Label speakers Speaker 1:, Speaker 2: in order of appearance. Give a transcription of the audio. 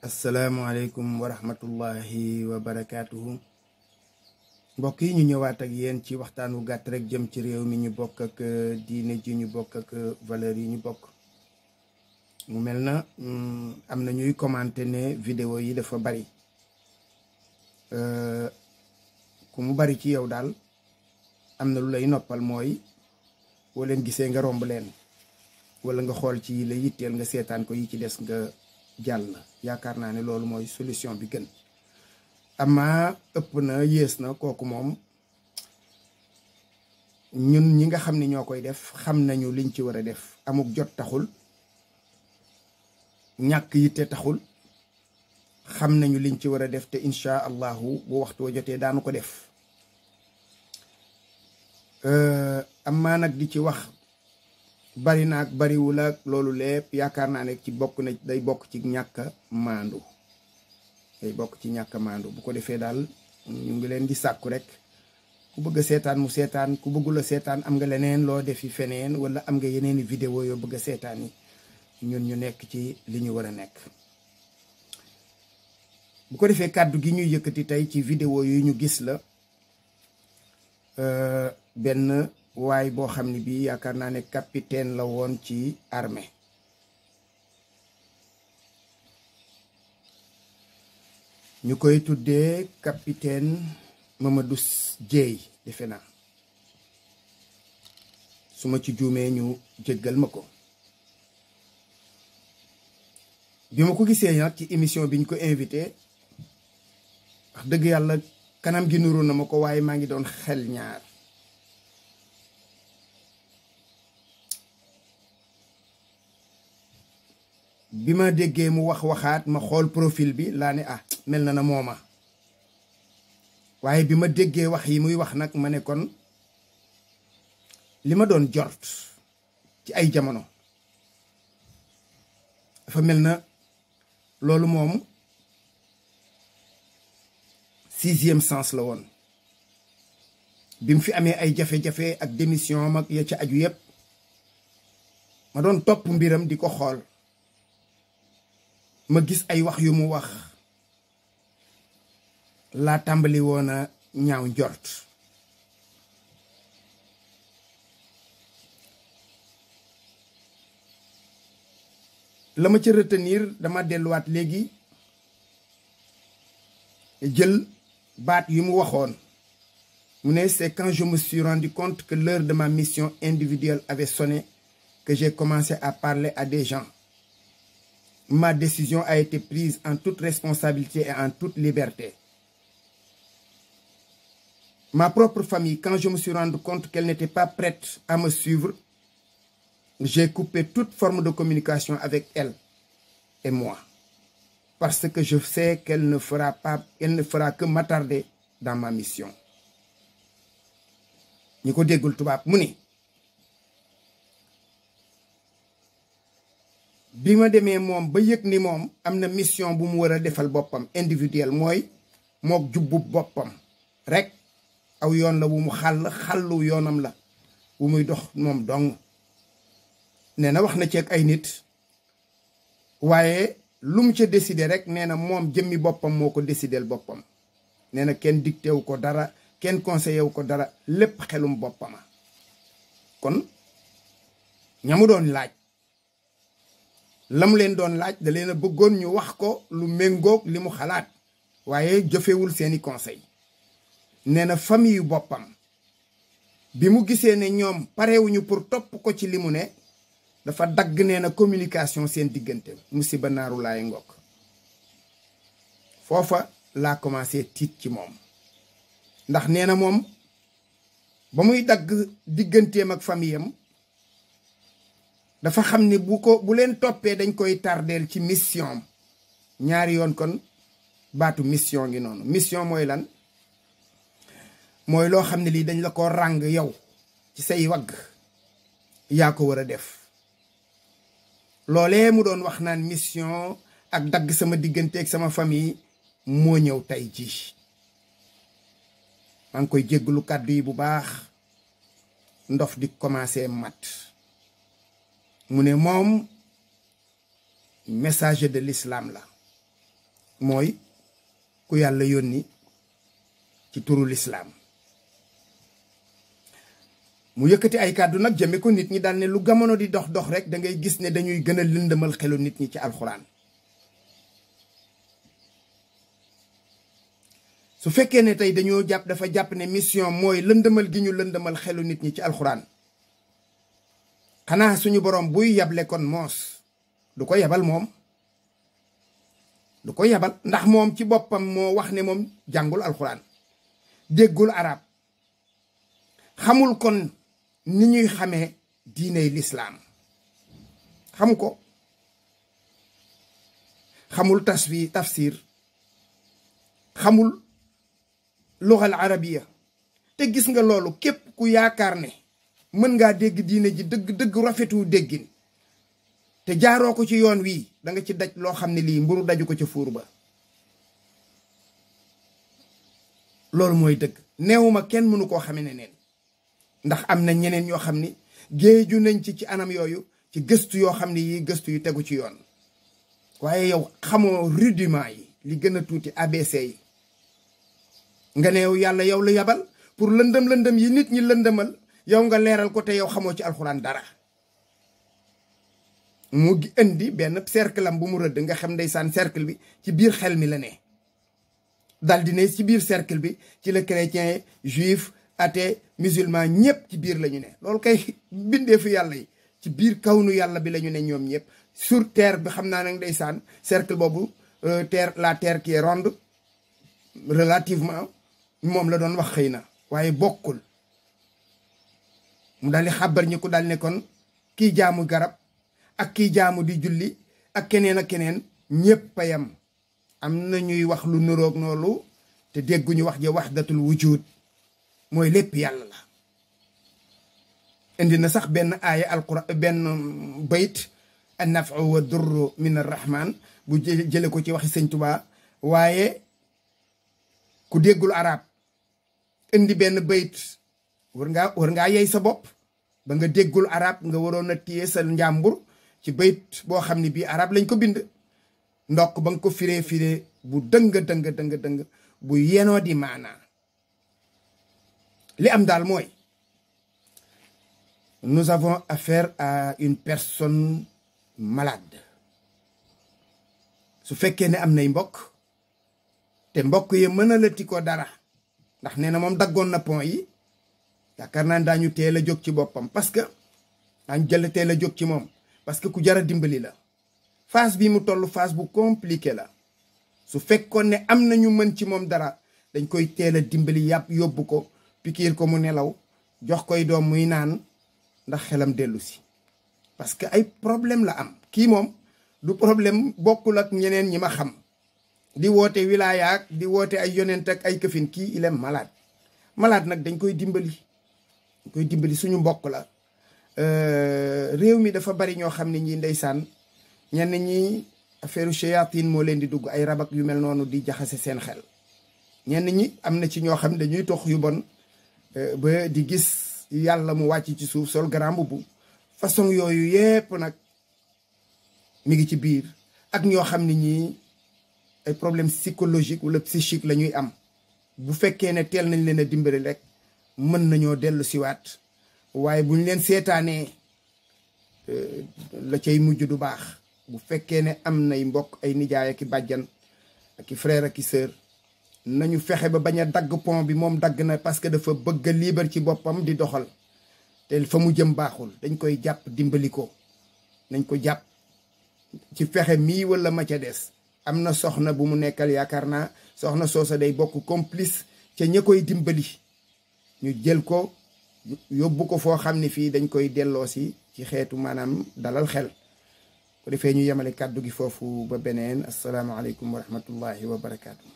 Speaker 1: asalaamualeykum wa rahmatullahi wa barakaatuhu mbokk yi ñu ñëwaat ak yéen ci waxtaan wu gàtt rek jëm ci réew mi ñu bokk ak euh, diine ji ñu bokk ak euh, valeur yi ñu bokk mu mel na mm, am na ñuy commenté ne video yi dafa bari euh, ku mu bari ci yow daal am na lu lay noppal mooy boo leen gisee nga romb leen wala nga xool ci yi la yitteel nga seetaan ko yi ci des nga jàll yaakaar naa ne loolu mooy solution bi gën ama ëpp na yées na kooku moom ñun ñi nga xam ne ñoo koy def xam nañu liñ ci war a def amuk jot taxul ñàkk yitte taxul xam nañu liñ ci war a def te incha allahu bu waxtu wa jotee daanu ko def euh, amaa nag di ci wax bari naag bariwul ak loolu lépp yaakaar naa ne ci bokk na day bokk ci ñàkk maandu day bokk ci ñàkk maandu bu ko defee daal ñu ngi leen di sàkku rek ku bëgg seetaan mu seetaan ku bëggul a seetaan am nga leneen loo defi feneen wala am nga yeneeni vidéo yoo bëgg a seetaan ñun ñu nekk ci li ñu war a nekk bu ko defee kàddu gi ñuy yëkkati tey ci vidéo yu ñu gis la euh, benn waay boo xam ne bii yaakaar naa ne capitaine la woon ci armée ñu koy tuddee capitaine Mamadou Dieye defe naa su ma ci juumee ñu jëggal ma ko bi ma ko gisee nag ci émission bi ñu ko invité wax dëgg yàlla kanam gi nuru na ma ko waaye maa ngi doon xel ñaar bi ma déggee mu wax waxaat ma xool profil bi laa ne ah mel na na mooma waaye bi ma déggee wax yi muy wax nag ma ne kon li ma doon jort ci ay jamono dafa mel na loolu moom sixième sens la woon bi mu fi amee ay jafe-jafe ak démission mag ya ca aju yépp ma doon topp mbiram di ko xool ma gis ay wax yu mu wax laa tàmbali woon a ñaaw njort la ma ca retenir dama delluwaat léegi jël baat yu mu waxoon mu ne c'est quand je me suis compte que leur de ma mission individuelle avait sonné que j'ai commencé à parler à des gens Ma décision a été prise en toute responsabilité et en toute liberté. Ma propre famille, quand je me suis rendu compte qu'elle n'était pas prête à me suivre, j'ai coupé toute forme de communication avec elle et moi. Parce que je sais qu'elle ne fera que m'attarder dans ma mission. ñi ko déggul tubaab mu ni bi ma demee moom ba yëg ni moom am na mission bu mu war a defal boppam individuel mooy mook jubbub boppam rek aw yoon la wu mu xàll xàllu yoonam la wu muy dox moom dong nee na wax na ci ak ay nit waaye lu mu ca décider rek nee na moom jëmmi boppam moo ko décidel boppam nee na kenn dicté ko dara kenn conseillé wu ko dara lépp xelum boppama kon ñamu doon laaj lam leen doon laaj da leen a bëggoon ñu wax ko lu méngoog li mu xalaat waaye jëfewul seeni conseil nee na famille boppam bi mu gisee ne ñoom parewuñu pour topp ko ci li mu ne dafa dagg nee na communication seen diggante musiba naaru laay ngokk foofa laa commencé tiit ci moom ndax nee na moom ba muy dagg digganteem ak famille am dafa xam ni bu ko bu leen toppee dañ koy tardeel ci mission ñaari yoon kon baatu mission ngi noonu mission mooy lan mooy loo xam ne lii dañ la ko ràng yow ci say wagg yaa ko war a def loolee mu doon wax naan mission ak dagg sama digganteeg sama famille moo ñëw tey jii maa ngi koy jégglu kàddu yi bu baax ndof di commencé mat mu ne moom message de l'islam la mooy ku yàlla yónni ci turu lislaam mu yëkkati ay kàddu nag jëme ko nit ñi daal ne lu gamono di dox dox rek da ngay gis ne dañuy gën a lëndëmal xelu nit ñi ci alxuraan su fekkee ne tey dañoo jàpp dafa jàpp ne mission mooy lëndëmal gi ñu lëndëmal xelu nit ñi ci alxuraan xanaa suñu borom buy yable kon moos du ko yabal moom du ko yabal ndax moom ci boppam moo wax ne moom jàngul alxuraan déggul arab xamul kon ni ñuy xamee diiney lislaam xam ko xamul tasfi tafsir xamul luxal arabiya te gis nga loolu képp ku yaakaar ne mën ngaa dégg diine ji dëgg dëgg rafetu déggin te jaaroo ko ci yoon wii danga ci daj loo xam ne lii mburu daju ko ca fuur ba loolu mooy dëgg neewuma kenn mënu koo xame ne ndax am na ñeneen ñoo xam ni géeju nañ ci ci anam yooyu ci gëstu yoo xam ne yii gëstu yu tegu ci yoon waaye yow xamoo rudiment yi li gën a tuuti ABC yi nga ne yàlla yow la yabal pour lëndëm lëndëm yi nit ñi lëndëmal yow nga leeral ko te yow xamoo ci alxuraan dara mu indi benn cercle bu mu rëdd nga xam ndeysaan cercle bi ci biir xel mi la ne dal di ne ci biir cercle bi ci la chrétien juif athée musulman ñëpp ci biir la ñu ne loolu kay bindee fi yàlla yi ci biir kawnu yàlla bi la ñu ne ñoom ñëpp sur terre bi xam naa nag ndeysaan cercle boobu euh, terre la terre qui est ronde relativement moom la doon wax xëy na waaye bokkul mu daal di xàbbar ñi ku daal ne kon kii jaamu garab ak kii jaamu di julli ak keneen ak keneen ñépp a am na ñuy wax lu nuroog noolu te dégguñu wax ji waxdatul wujud mooy lépp yàlla la indi na sax benn aaya alquran benn bayt an nafu wa durru min arrahman bu jële ko ci waxi sëñ Tuubaa waaye ku déggul arab indi benn bayt war ngaa war ngaa yey sa bopp ba nga déggul arab nga waroon a téye sa njàmbur ci bayit boo xam ni bii arab lañ ko bind ndokk ba nga ko firee firee bu dëng dëng dëng dëng bu yenoo di maanaa li am daal mooy nous avons affaire à une personne malade su fekkee ne am nay mbokk te mbokk yi mën a lëti ko dara ndax nee na moom daggoon na pont yi yaakaar naa daañu teel a jóg ci boppam parce que daañu jël teel a jóg ci moom parce que ku jar a dimbali la phase bi mu toll phase bu compliqué la su fekkoon ne am na ñu mën ci moom dara dañ koy teel a dimbali yàpp yóbbu ko pikiir ko mu nelaw jox koy doom muy naan ndax xelam dellu si parce que ay problème la am kii moom du problème bokkul ak ñeneen ñi ma xam di woote wilaayaak di woote ay yonent ak ay këfin kii il malaat malaat nag dañ koy dimbali koy dimbali suñu mbokk la euh, réew mi dafa bari ñoo xam ne ñi ndeysaan ñenn ñi affaire shayatin moo leen di dugg ay rabak yu mel noonu di jaxase seen xel ñenn ñi am na ci ñoo xam ne dañuy tox yu bon euh, ba di gis yàlla mu wàcc ci suuf sol grand mbubb façon yooyu yépp nag mi ngi ci biir ak ñoo xam ne ñii ay problème psychologique wala psychique la ñuy am bu fekkee ne teel nañ leen a dimbali rek mën nañoo dellu siwaat waaye bu ñu leen seetaanee la cay mujj du baax bu fekkee ne am na nay mbokk ay nijaay ak i bàjjan ak i frère ak i sœur nañu fexe ba bañ a dagg pont bi moom dagg na parce que dafa bëgg a liibar ci boppam di doxal te fa mu jëm baaxul dañ koy jàpp dimbali ko nañ ko jàpp ci fexe mii wala ma ca des am na soxna bu mu nekkal yaakaar naa soxna soosa day bokk complice ca ña koy dimbali ñu jël ko yóbbu ko foo xam ne fii dañ koy delloo si ci xeetu maanaam dalal xel ko defee ñu yemale kàddu gi foofu ba beneen asalaamaaleykum wa rahmatullahi wa barakaatu.